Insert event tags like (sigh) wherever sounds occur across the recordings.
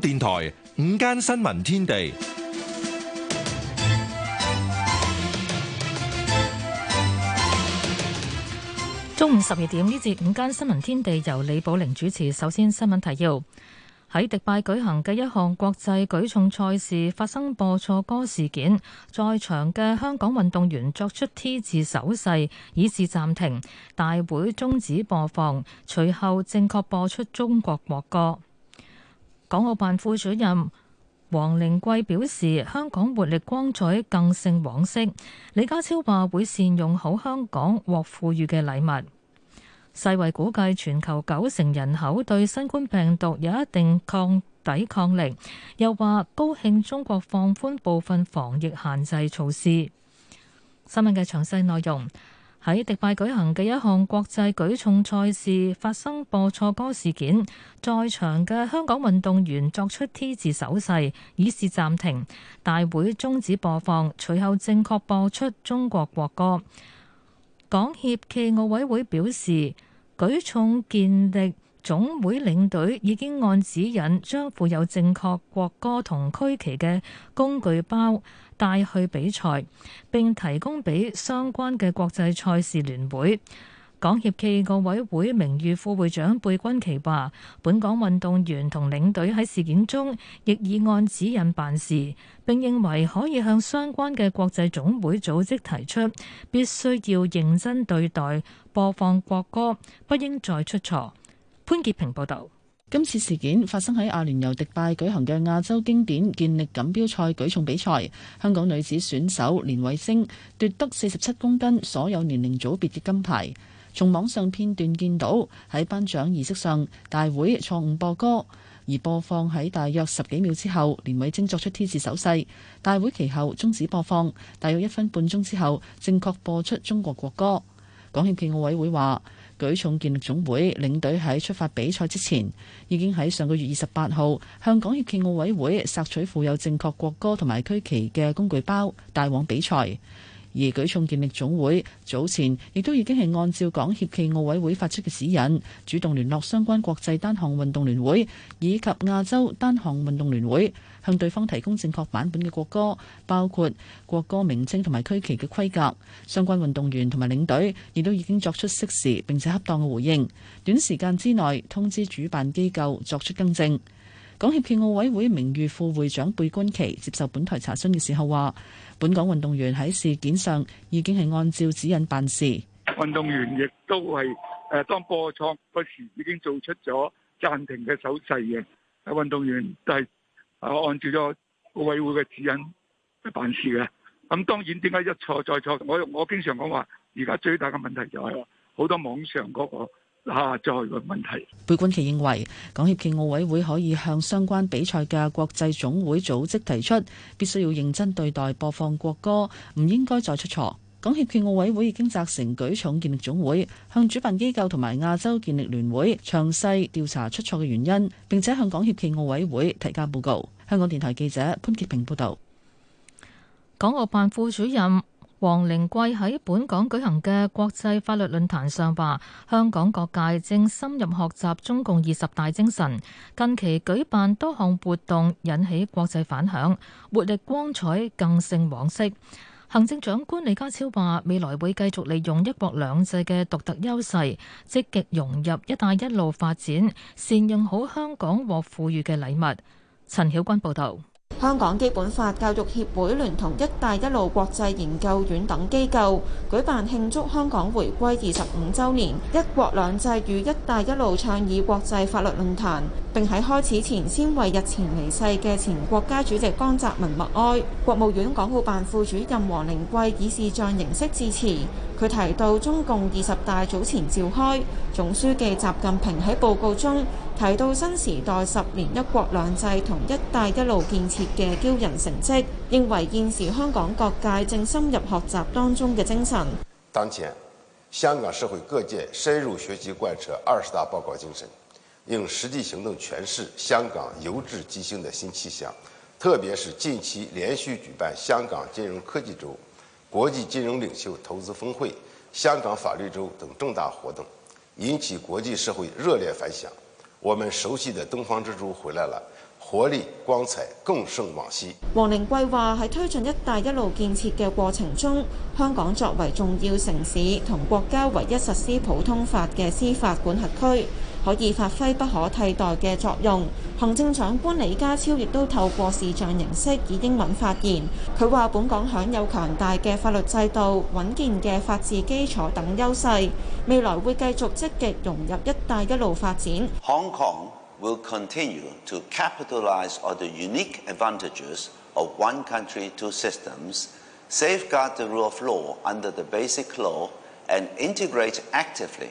電台午間新聞天地，中午十二點呢節午間新聞天地由李寶玲主持。首先新聞提要：喺迪拜舉行嘅一項國際舉重賽事發生播錯歌事件，在場嘅香港運動員作出 T 字手勢，以致暫停，大會終止播放，隨後正確播出中國國歌。港澳辦副主任黃靈桂表示，香港活力光彩更勝往昔。李家超話會善用好香港獲賦予嘅禮物。世衛估計全球九成人口對新冠病毒有一定抗抵抗力，又話高興中國放寬部分防疫限制措施。新聞嘅詳細內容。喺迪拜舉行嘅一項國際舉重賽事發生播錯歌事件，在場嘅香港運動員作出 T 字手勢，以示暫停，大會終止播放，隨後正確播出中國國歌。港協暨奧委會表示，舉重健力總會領隊已經按指引將附有正確國歌同區旗嘅工具包帶去比賽並提供俾相關嘅國際賽事聯會。港協暨奧委會名譽副會長貝君琪話，本港運動員同領隊喺事件中亦已按指引辦事，並認為可以向相關嘅國際總會組織提出，必須要認真對待，播放國歌，不應再出錯。潘潔平報導。今次事件發生喺阿聯酋迪拜舉行嘅亞洲經典健力錦標賽舉重比賽，香港女子選手連偉晶奪得四十七公斤所有年齡組別嘅金牌。從網上片段見到，喺頒獎儀式上，大會錯誤播歌，而播放喺大約十幾秒之後，連偉晶作出 T 字手勢，大會其後終止播放，大約一分半鐘之後，正確播出中國國歌。港協暨奧委會話，舉重健力總會領隊喺出發比賽之前，已經喺上個月二十八號向港協暨奧委會索取附有正確國歌同埋區旗嘅工具包，帶往比賽。而舉重健力總會早前亦都已經係按照港協暨奧委會發出嘅指引，主動聯絡相關國際單項運動聯會以及亞洲單項運動聯會，向對方提供正確版本嘅國歌，包括國歌名稱同埋區旗嘅規格。相關運動員同埋領隊亦都已經作出適時並且恰當嘅回應，短時間之內通知主辦機構作出更正。港協暨奧委會名譽副會長貝鈞奇接受本台查詢嘅時候話。本港運動員喺事件上已經係按照指引辦事，運動員亦都係誒當播錯嗰時已經做出咗暫停嘅手勢嘅，運動員都係啊按照咗奧委會嘅指引去辦事嘅。咁當然點解一錯再錯，我我經常講話，而家最大嘅問題就係好多網上嗰個。啊，再個問題，貝冠奇認為港協暨奧委會可以向相關比賽嘅國際總會組織提出，必須要認真對待播放國歌，唔應該再出錯，港協暨奧委會已經責成舉重健力總會向主辦機構同埋亞洲健力聯會詳細調查出錯嘅原因，並且向港協暨奧委會提交報告。香港電台記者潘潔平報道。港澳辦副主任，黃靈桂喺本港舉行嘅國際法律論壇上話，香港各界正深入學習中共二十大精神，近期舉辦多項活動引起國際反響，活力光彩更勝往昔。行政長官李家超話，未來會繼續利用一國兩制嘅獨特優勢，積極融入“一帶一路”發展，善用好香港獲賦予嘅禮物。陳曉君報道。香港基本法教育協會聯同“一帶一路”國際研究院等機構舉辦慶祝香港回歸二十五周年“一國兩制”與“一帶一路”倡議國際法律論壇，並喺開始前先為日前離世嘅前國家主席江澤民默哀。國務院港澳辦副主任黃寧貴以視像形式致辭。佢提到中共二十大早前召開。總書記習近平喺報告中提到新時代十年一國兩制同“一帶一路”建設嘅驕人成績，認為現時香港各界正深入學習當中嘅精神。當前，香港社會各界深入學習貫徹二十大報告精神，用實際行動詮釋香港由治及興的新氣象。特別是近期連續舉辦香港金融科技周、國際金融領袖投資峰會、香港法律周等重大活動。引起國際社會熱烈反響，我們熟悉的東方之珠回來了，活力光彩更勝往昔。王靈桂話喺推進“一帶一路”建設嘅過程中，香港作為重要城市同國家唯一實施普通法嘅司法管轄區。可以發揮不可替代嘅作用。行政長官李家超亦都透過視像形式以英文發言。佢話：本港享有強大嘅法律制度、穩健嘅法治基礎等優勢，未來會繼續積極融入一帶一路發展。Hong Kong will continue to capitalize on the unique advantages of one country, two systems, safeguard the rule of law under the Basic Law, and integrate actively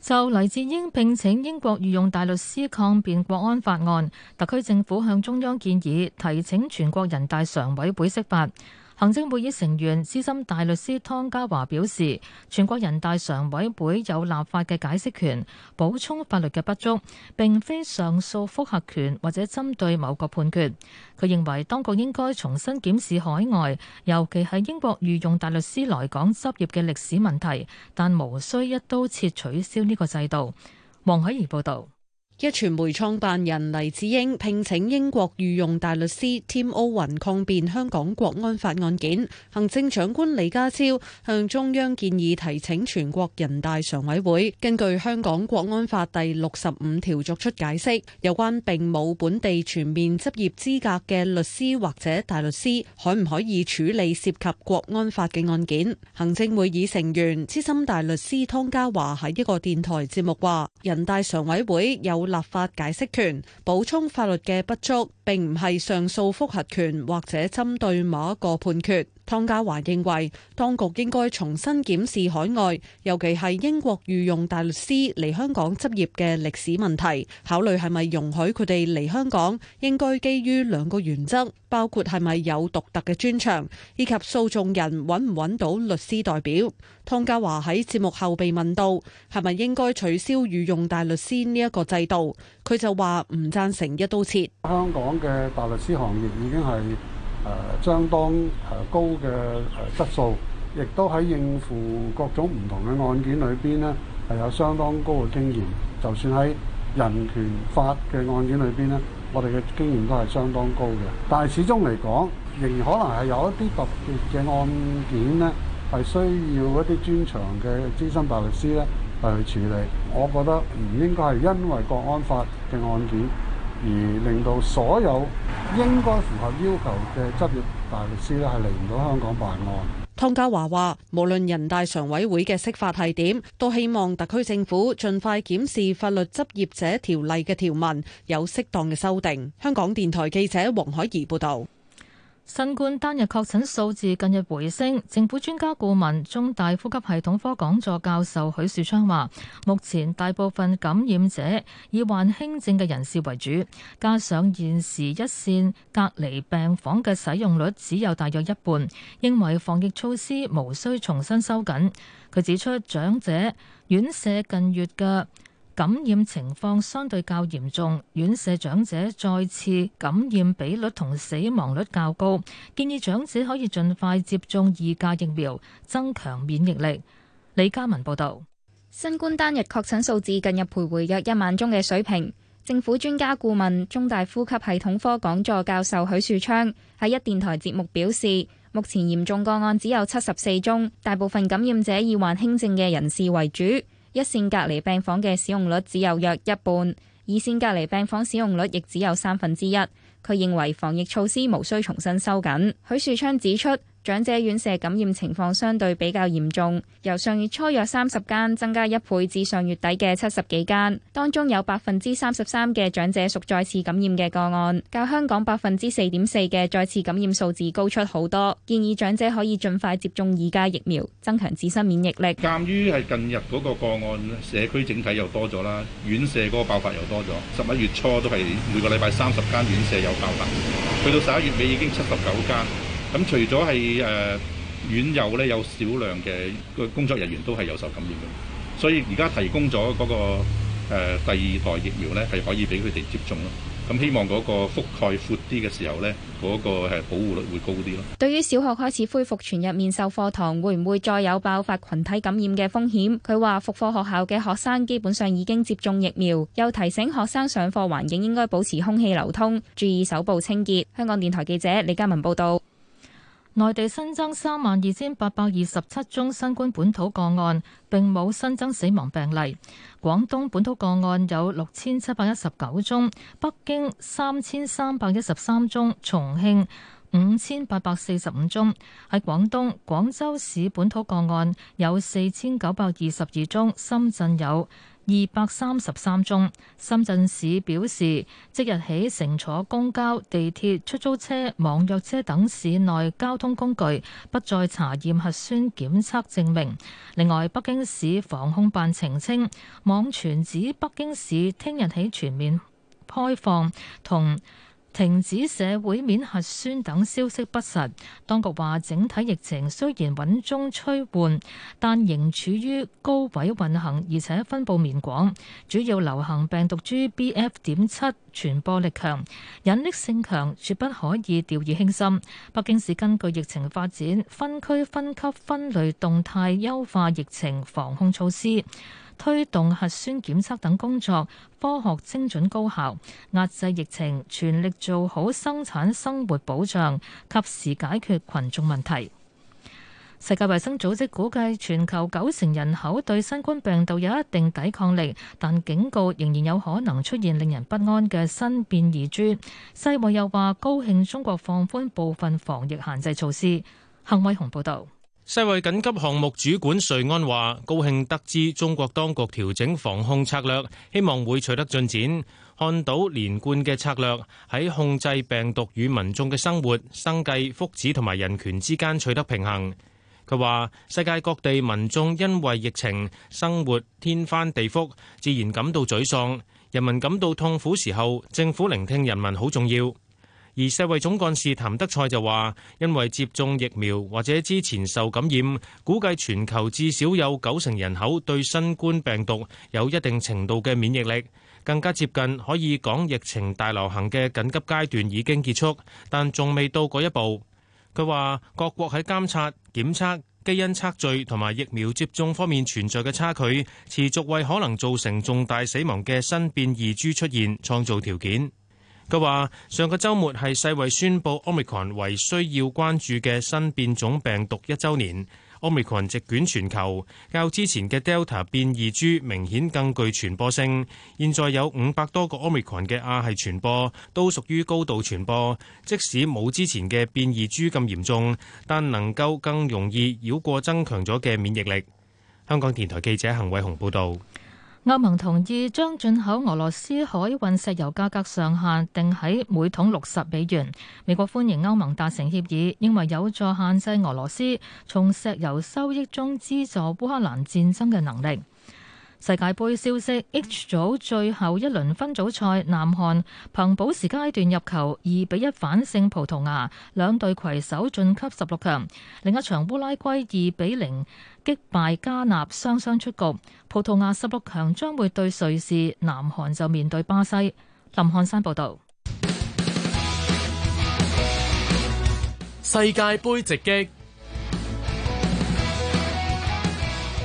就黎智英聘請英國御用大律師抗辯國安法案，特區政府向中央建議提請全國人大常委會釋法。行政會議成員資深大律師湯家驊表示，全國人大常委會有立法嘅解釋權，補充法律嘅不足，並非上訴覆核權或者針對某個判決。佢認為當局應該重新檢視海外，尤其係英國御用大律師來港執業嘅歷史問題，但無需一刀切取消呢個制度。黃啟怡報導。一傳媒創辦人黎智英聘請英國御用大律師 Tim 歐雲抗辯香港國安法案件。行政長官李家超向中央建議提請全國人大常委會根據香港國安法第六十五條作出解釋，有關並冇本地全面執業資格嘅律師或者大律師，可唔可以處理涉及國安法嘅案件？行政會議成員資深大律師湯家驊喺一個電台節目話，人大常委會有。立法解釋權補充法律嘅不足，並唔係上訴覆核權或者針對某一個判決。湯家驊認為當局應該重新檢視海外，尤其係英國御用大律師嚟香港執業嘅歷史問題，考慮係咪容許佢哋嚟香港，應該基於兩個原則，包括係咪有獨特嘅專長，以及訴訟人揾唔揾到律師代表。湯家驊喺節目後被問到係咪應該取消御用大律師呢一個制度，佢就話唔贊成一刀切。香港嘅大律師行業已經係。誒相當誒高嘅誒質素，亦都喺應付各種唔同嘅案件裏邊呢，係有相當高嘅經驗。就算喺人權法嘅案件裏邊呢，我哋嘅經驗都係相當高嘅。但係始終嚟講，仍然可能係有一啲特別嘅案件呢，係需要一啲專長嘅資深大律師呢係去處理。我覺得唔應該係因為國安法嘅案件，而令到所有應該符合要求嘅執業大律師咧，係嚟唔到香港辦案。湯家驊話，無論人大常委會嘅釋法係點，都希望特區政府盡快檢視法律執業者條例嘅條文，有適當嘅修訂。香港電台記者黃海怡報導。新冠單日確診數字近日回升，政府專家顧問中大呼吸系統科講座教授許樹昌話，目前大部分感染者以患輕症嘅人士為主，加上現時一線隔離病房嘅使用率只有大約一半，認為防疫措施無需重新收緊，佢指出，長者院舍近月嘅感染情況相對較嚴重，院舍長者再次感染比率同死亡率較高，建議長者可以盡快接種二價疫苗，增強免疫力。李嘉文報道，新冠單日確診數字近日徘徊約一萬宗嘅水平。政府專家顧問、中大呼吸系統科講座教授許樹昌喺一電台節目表示，目前嚴重個案只有七十四宗，大部分感染者以患輕症嘅人士為主。一線隔離病房嘅使用率只有約一半，二線隔離病房使用率亦只有三分之一。佢認為防疫措施無需重新收緊。許樹昌指出，長者院舍感染情況相對比較嚴重，由上月初約三十間增加一倍至上月底嘅七十幾間，當中有百分之三十三嘅長者屬再次感染嘅個案，較香港百分之四點四嘅再次感染數字高出好多。建議長者可以盡快接種二價疫苗，增強自身免疫力。鑑於係近日嗰個個案，社區整體又多咗啦，院舍嗰個爆發又多咗。十一月初都係每個禮拜三十間院舍有爆發，去到十一月尾已經七十九間。咁、嗯、除咗係誒院友咧，有少量嘅個工作人員都係有受感染嘅，所以而家提供咗嗰、那個誒、呃、第二代疫苗咧，係可以俾佢哋接種咯。咁、嗯、希望嗰個覆蓋闊啲嘅時候咧，嗰、那個係保護率會高啲咯。對於小學開始恢復全日面授課堂，會唔會再有爆發群體感染嘅風險？佢話復課學校嘅學生基本上已經接種疫苗，又提醒學生上課環境應該保持空氣流通，注意手部清潔。香港電台記者李嘉文報道。內地新增三萬二千八百二十七宗新冠本土個案，並冇新增死亡病例。廣東本土個案有六千七百一十九宗，北京三千三百一十三宗，重慶五千八百四十五宗。喺廣東，廣州市本土個案有四千九百二十二宗，深圳有二百三十三宗，深圳市表示即日起乘坐公交、地鐵、出租車、網約車等市內交通工具不再查驗核酸檢測證明。另外，北京市防控辦澄清網傳指北京市聽日起全面開放同，停止社會面核酸等消息不實，當局話整體疫情雖然穩中趨緩，但仍處於高位運行，而且分布面廣，主要流行病毒株 BF. 點七，傳播力強，隱匿性強，絕不可以掉以輕心。北京市根據疫情發展分區分級分類動態優化疫情防控措施。推動核酸檢測等工作，科學精準高效，壓制疫情，全力做好生產生活保障，及時解決群眾問題。世界衛生組織估計全球九成人口對新冠病毒有一定抵抗力，但警告仍然有可能出現令人不安嘅新變異株。世衛又話：高興中國放寬部分防疫限制措施。幸偉雄報導。世衛緊急項目主管瑞安話，高興得知中國當局調整防控策略，希望會取得進展。看到連貫嘅策略喺控制病毒與民眾嘅生活、生計、福祉同埋人權之間取得平衡。佢話，世界各地民眾因為疫情生活天翻地覆，自然感到沮喪。人民感到痛苦時候，政府聆聽人民好重要。而世衛總幹事譚德賽就話，因為接種疫苗或者之前受感染，估計全球至少有九成人口對新冠病毒有一定程度嘅免疫力，更加接近可以講疫情大流行嘅緊急階段已經結束，但仲未到嗰一步。佢話，各國喺監察、檢測、基因測序同埋疫苗接種方面存在嘅差距，持續為可能造成重大死亡嘅新變異株出現創造條件。佢話：上個週末係世衞宣布 Omicron 為需要關注嘅新變種病毒一週年，Omicron 席捲全球，較之前嘅 Delta 變異株明顯更具傳播性。現在有五百多個 Omicron 嘅亞系傳播，都屬於高度傳播。即使冇之前嘅變異株咁嚴重，但能夠更容易繞過增強咗嘅免疫力。香港電台記者陳偉雄報導。歐盟同意將進口俄羅斯海運石油價格上限定喺每桶六十美元。美國歡迎歐盟達成協議，認為有助限制俄羅斯從石油收益中資助烏克蘭戰爭嘅能力。世界杯消息：H 組最後一輪分組賽，南韓憑補時階段入球，二比一反勝葡萄牙，兩隊攜手晉級十六強。另一場烏拉圭二比零擊敗加納，雙雙出局。葡萄牙十六強將會對瑞士，南韓就面對巴西。林漢山報道。世界杯直擊。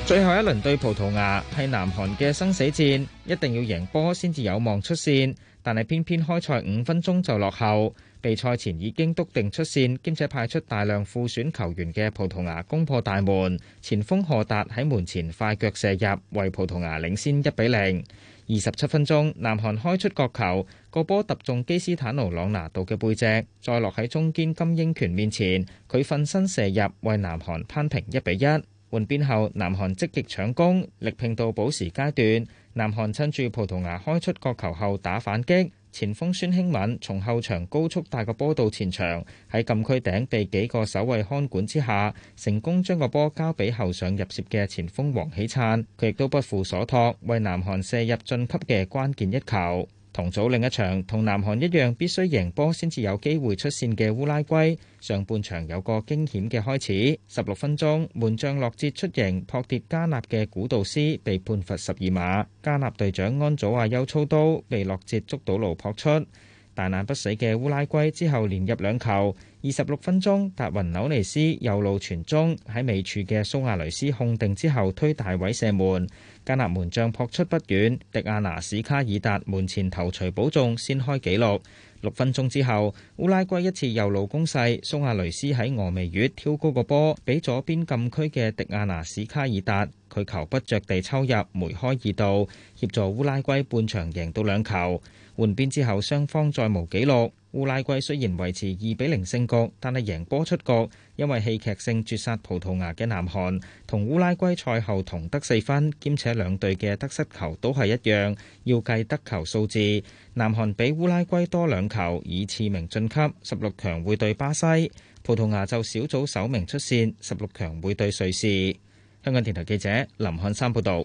最後一輪對葡萄牙係南韓嘅生死戰，一定要贏波先至有望出線。但係偏偏開賽五分鐘就落後，比賽前已經篤定出線，兼且派出大量副選球員嘅葡萄牙攻破大門，前鋒賀達喺門前快腳射入，為葡萄牙領先一比零。二十七分鐘，南韓開出角球，個波揼中基斯坦奴朗拿度嘅背脊，再落喺中堅金英權面前，佢奮身射入，為南韓攀平一比一。換邊後，南韓積極搶攻，力拼到補時階段。南韓趁住葡萄牙開出角球後打反擊，前鋒孫興敏從後場高速帶個波到前場，喺禁區頂被幾個守衞看管之下，成功將個波交俾後上入攝嘅前鋒黃喜燦，佢亦都不負所託，為南韓射入晉級嘅關鍵一球。同組另一場同南韓一樣必須贏波先至有機會出線嘅烏拉圭，上半場有個驚險嘅開始。十六分鐘，門將洛哲出迎撲跌加納嘅古道斯，被判罰十二碼。加納隊長安祖亞丘操刀被洛哲捉到路撲出，大難不死嘅烏拉圭之後連入兩球。二十六分鐘，達雲紐尼斯右路傳中，喺尾處嘅蘇亞雷斯控定之後推大位射門。加納門將撲出不遠，迪亞拿史卡爾達門前頭錘補中，先開紀錄。六分鐘之後，烏拉圭一次右路攻勢，蘇亞雷斯喺俄眉月挑高個波，俾左邊禁區嘅迪亞拿史卡爾達，佢球不着地抽入梅開二度，協助烏拉圭半場贏到兩球。換邊之後，雙方再無紀錄。烏拉圭雖然維持二比零勝局，但係贏波出局。因為戲劇性絕殺葡萄牙嘅南韓，同烏拉圭賽後同得四分，兼且兩隊嘅得失球都係一樣，要計得球數字。南韓比烏拉圭多兩球，以次名晉級十六強，會對巴西。葡萄牙就小組首名出線，十六強會對瑞士。香港電台記者林漢山報道。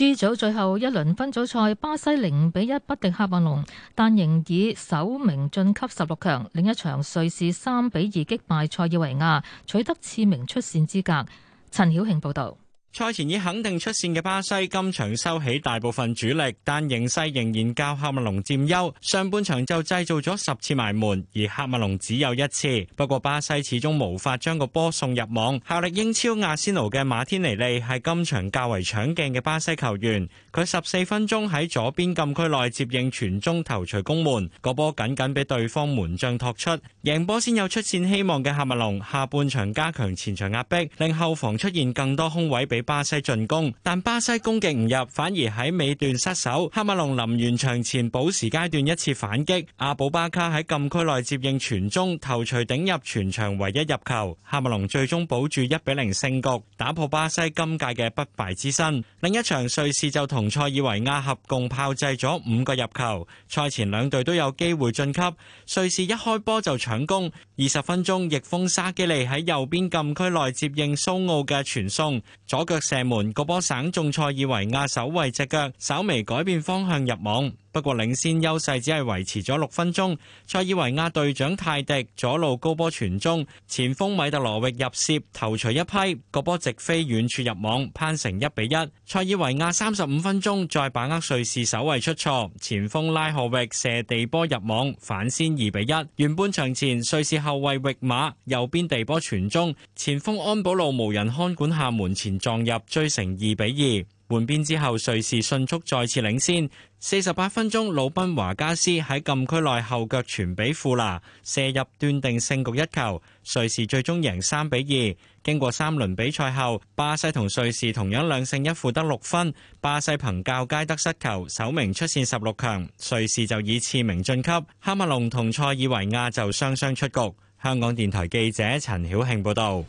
G 組最後一輪分組賽，巴西零比一不敵喀麥隆，但仍以首名晉級十六強，另一場瑞士三比二擊敗塞爾維亞，取得次名出線資格。陳曉慶報道。賽前已肯定出線嘅巴西，今場收起大部分主力，但形勢仍然較喀麥隆佔優。上半場就製造咗十次埋門，而喀麥隆只有一次。不過巴西始終無法將個波送入網。效力英超阿仙奴嘅馬天尼利係今場較為搶鏡嘅巴西球員，佢十四分鐘喺左邊禁區內接應傳中頭錘攻門，個波僅僅俾對方門將托出，贏波先有出線希望嘅喀麥隆，下半場加強前場壓逼，令後防出現更多空位。巴西進攻，但巴西攻擊唔入，反而喺尾段失守。喀麥隆臨完場前補時階段一次反擊，阿保巴卡喺禁區內接應傳中，頭錘頂入，全場唯一入球。喀麥隆最終保住一比零勝局，打破巴西今屆嘅不敗之身。另一場瑞士就同塞爾維亞合共炮製咗五個入球。賽前兩隊都有機會晉級。瑞士一開波就搶攻，二十分鐘，逆風沙基利喺右邊禁區內接應蘇奧嘅傳送，左。腳射門，嗰波省中塞爾維亞首位隻腳，稍微改變方向入網。不過領先優勢只係維持咗六分鐘，塞爾維亞隊長泰迪左路高波傳中，前鋒米特羅域入楔頭槌一批，個波直飛遠處入網，扳成一比一。塞爾維亞三十五分鐘再把握瑞士守衛出錯，前鋒拉賀域射地波入網，反先二比一。完半場前，瑞士後衛域馬右邊地波傳中，前鋒安保路無人看管下門前撞入，追成二比二。換邊之後，瑞士迅速再次領先。四十八分鐘，魯賓華加斯喺禁區內後腳傳俾庫拿，射入斷定勝局一球。瑞士最終贏三比二。經過三輪比賽後，巴西同瑞士同樣兩勝一負得六分。巴西憑較佳得失球，首名出線十六強。瑞士就以次名晉級。喀麥隆同塞爾維亞就雙雙出局。香港電台記者陳曉慶報道。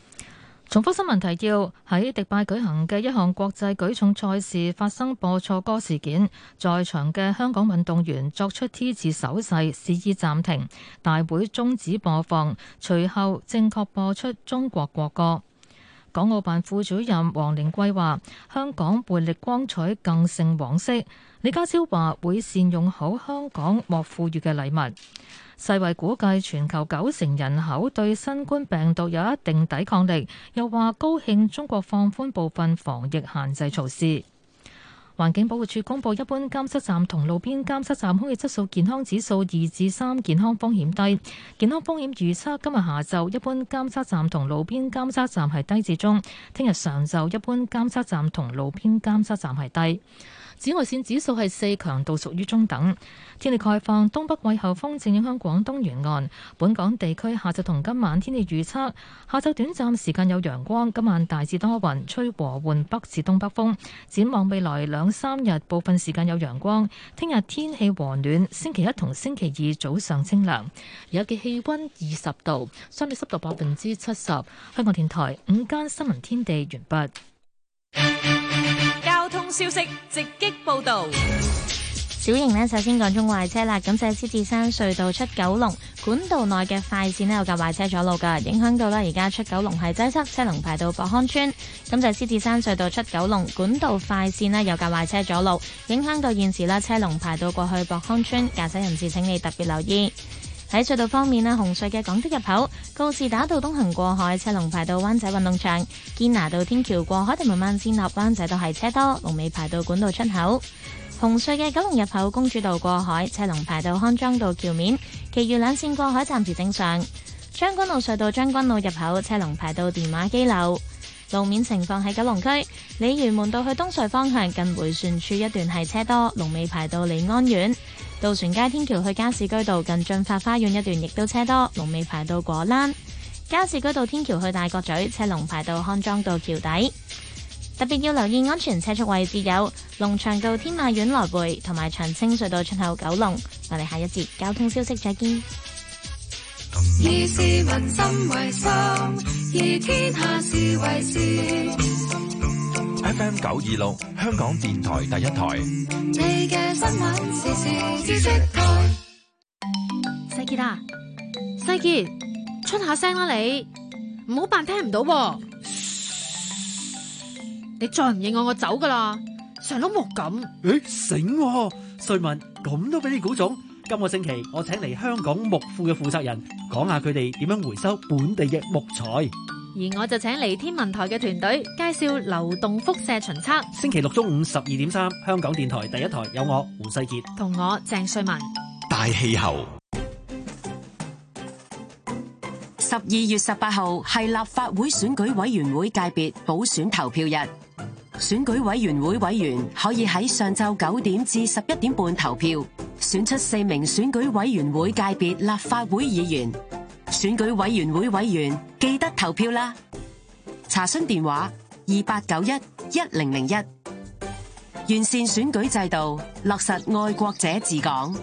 重複新聞提要：喺迪拜舉行嘅一項國際舉重賽事發生播錯歌事件，在場嘅香港運動員作出 T 字手勢示意暫停，大會中止播放，隨後正確播出中國國歌。港澳辦副主任王靈桂話：香港活力光彩更勝往昔。李家超話會善用好香港莫富裕嘅禮物。世衛估計全球九成人口對新冠病毒有一定抵抗力，又話高興中國放寬部分防疫限制措施。環境保護署公布，一般監測站同路邊監測站空氣質素健康指數二至三，健康風險低。健康風險預測今日下晝一般監測站同路邊監測站係低至中，聽日上晝一般監測站同路邊監測站係低。紫外線指數係四，強度屬於中等。天氣概況，東北季候風正影響廣東沿岸。本港地區下晝同今晚天氣預測：下晝短暫時間有陽光，今晚大致多雲，吹和緩北至東北風。展望未來兩三日，部分時間有陽光。聽日天，天氣和暖，星期一同星期二早上清涼。而家嘅氣温二十度，相對濕度百分之七十。香港電台午間新聞天地完畢。 (music) 消息直擊報道，小瑩呢，首先講中壞車啦。咁就係獅子山隧道出九龍管道內嘅快線呢，有架壞車阻路噶，影響到啦，而家出九龍係擠塞，車龍排到博康村。咁就獅子山隧道出九龍管道快線呢，有架壞車阻路，影響到現時啦，車龍排到過去博康村，駕駛人士請你特別留意。喺隧道方面呢，紅隧嘅港的入口、告士打道東行過海、車龍排到灣仔運動場、堅拿道天橋過海嘅慢線落灣仔都係車多，龍尾排到管道出口。紅隧嘅九龍入口公主道過海，車龍排到康莊道橋面，其餘兩線過海暫時正常。將軍澳隧道將軍澳入口車龍排到電話機樓，路面情況喺九龍區，鯉魚門道去東隧方向近迴旋處一段係車多，龍尾排到李安苑。渡船街天橋去加士居道近駿發花園一段，亦都車多，龍尾排到果欄；加士居道天橋去大角咀，車龍排到康莊道橋底。特別要留意安全車速位置，有龍翔道天馬苑來回，同埋長青隧道出口九龍。我哋下一節交通消息再見。以市民心為心，以天下事為事。FM 九二六，香港電台第一台。你嘅新聞時事資訊台。細杰啊，細杰，出下聲啦，你唔好扮聽唔到噃。你再唔認我，我走噶啦。成碌木咁，誒，醒，瑞文咁都俾你估中。今個星期我請嚟香港木庫嘅負責人，講下佢哋點樣回收本地嘅木材。而我就請嚟天文台嘅團隊介紹流動輻射巡測。星期六中午十二點三，香港電台第一台有我胡世杰同我鄭瑞文。大氣候，十二月十八號係立法會選舉委員會界別補選投票日。選舉委員會委員可以喺上晝九點至十一點半投票，選出四名選舉委員會界別立法會議員。選舉委員會委員。投票啦！查詢電話：二八九一一零零一。完善選舉制度，落實愛國者治港。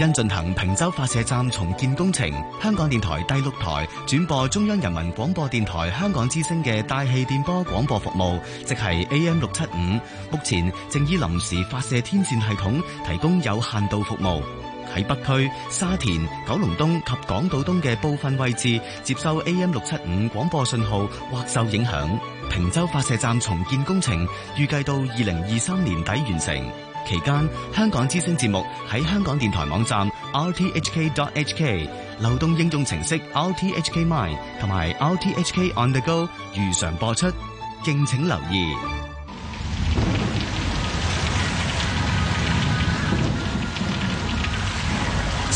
因進行坪洲發射站重建工程，香港電台第六台轉播中央人民廣播電台香港之聲嘅大氣電波廣播服務，即係 AM 六七五，目前正以臨時發射天線系統提供有限度服務。喺北區、沙田、九龍東及港島東嘅部分位置接收 AM 六七五廣播信號或受影響。平洲發射站重建工程預計到二零二三年底完成，期間香港之聲節目喺香港電台網站 rthk.hk、流動應用程式 rthk mine 同埋 rthk on the go 如常播出，敬請留意。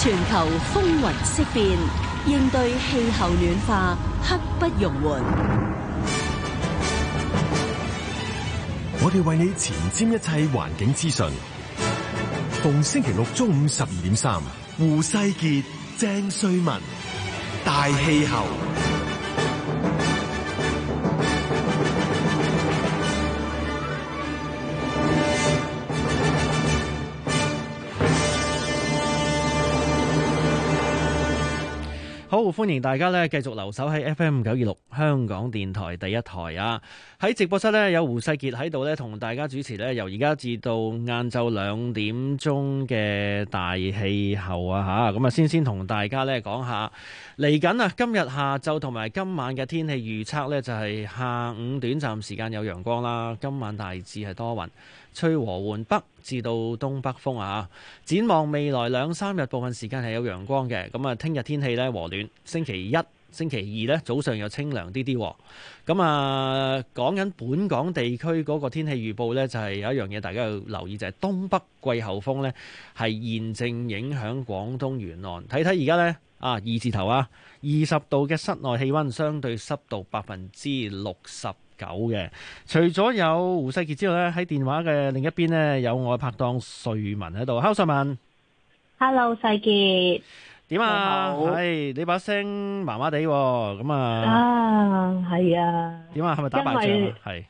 全球風雲色變，應對氣候暖化刻不容緩。我哋為你前瞻一切環境資訊，逢星期六中午十二點三，胡世杰、鄭瑞文，大氣候。歡迎大家咧，繼續留守喺 FM 九二六香港電台第一台啊！喺直播室呢，有胡世杰喺度咧，同大家主持咧，由而家至到晏晝兩點鐘嘅大氣候啊吓，咁啊先先同大家咧，講下嚟緊啊今日下晝同埋今晚嘅天氣預測呢，就係下午短暫時間有陽光啦，今晚大致係多雲。吹和緩北至到東北風啊！展望未來兩三日部分時間係有陽光嘅。咁啊，聽日天氣呢和暖，星期一、星期二呢早上又清涼啲啲。咁、嗯、啊，講緊本港地區嗰個天氣預報呢，就係、是、有一樣嘢大家要留意就係、是、東北季候風呢係現正影響廣東沿岸。睇睇而家呢啊，二字頭啊，二十度嘅室內氣温，相對濕度百分之六十。九嘅，除咗有胡世杰之外咧，喺電話嘅另一邊咧，有我拍檔瑞文喺度。hello，瑞文。hello，世杰。點啊？係 hello、哎、你把聲麻麻地，咁啊？啊，係啊。點啊？係咪、啊、打敗仗、啊？係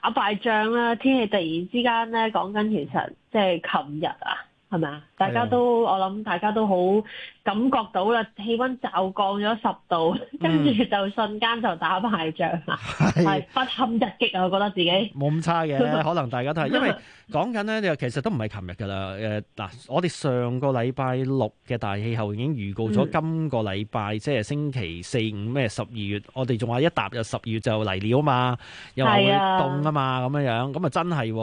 打敗仗啦、啊！天氣突然之間咧，講緊其實即係琴日啊。係咪啊？大家都我諗大家都好感覺到啦，氣溫驟降咗十度，跟住就瞬間就打敗仗啦，係不堪一擊啊！我覺得自己冇咁差嘅，可能大家都係因為講緊咧，就其實都唔係琴日噶啦。誒嗱，我哋上個禮拜六嘅大氣候已經預告咗今個禮拜，即係星期四五咩十二月，我哋仲話一踏入十二月就嚟了嘛，又會凍啊嘛咁樣樣，咁啊真係。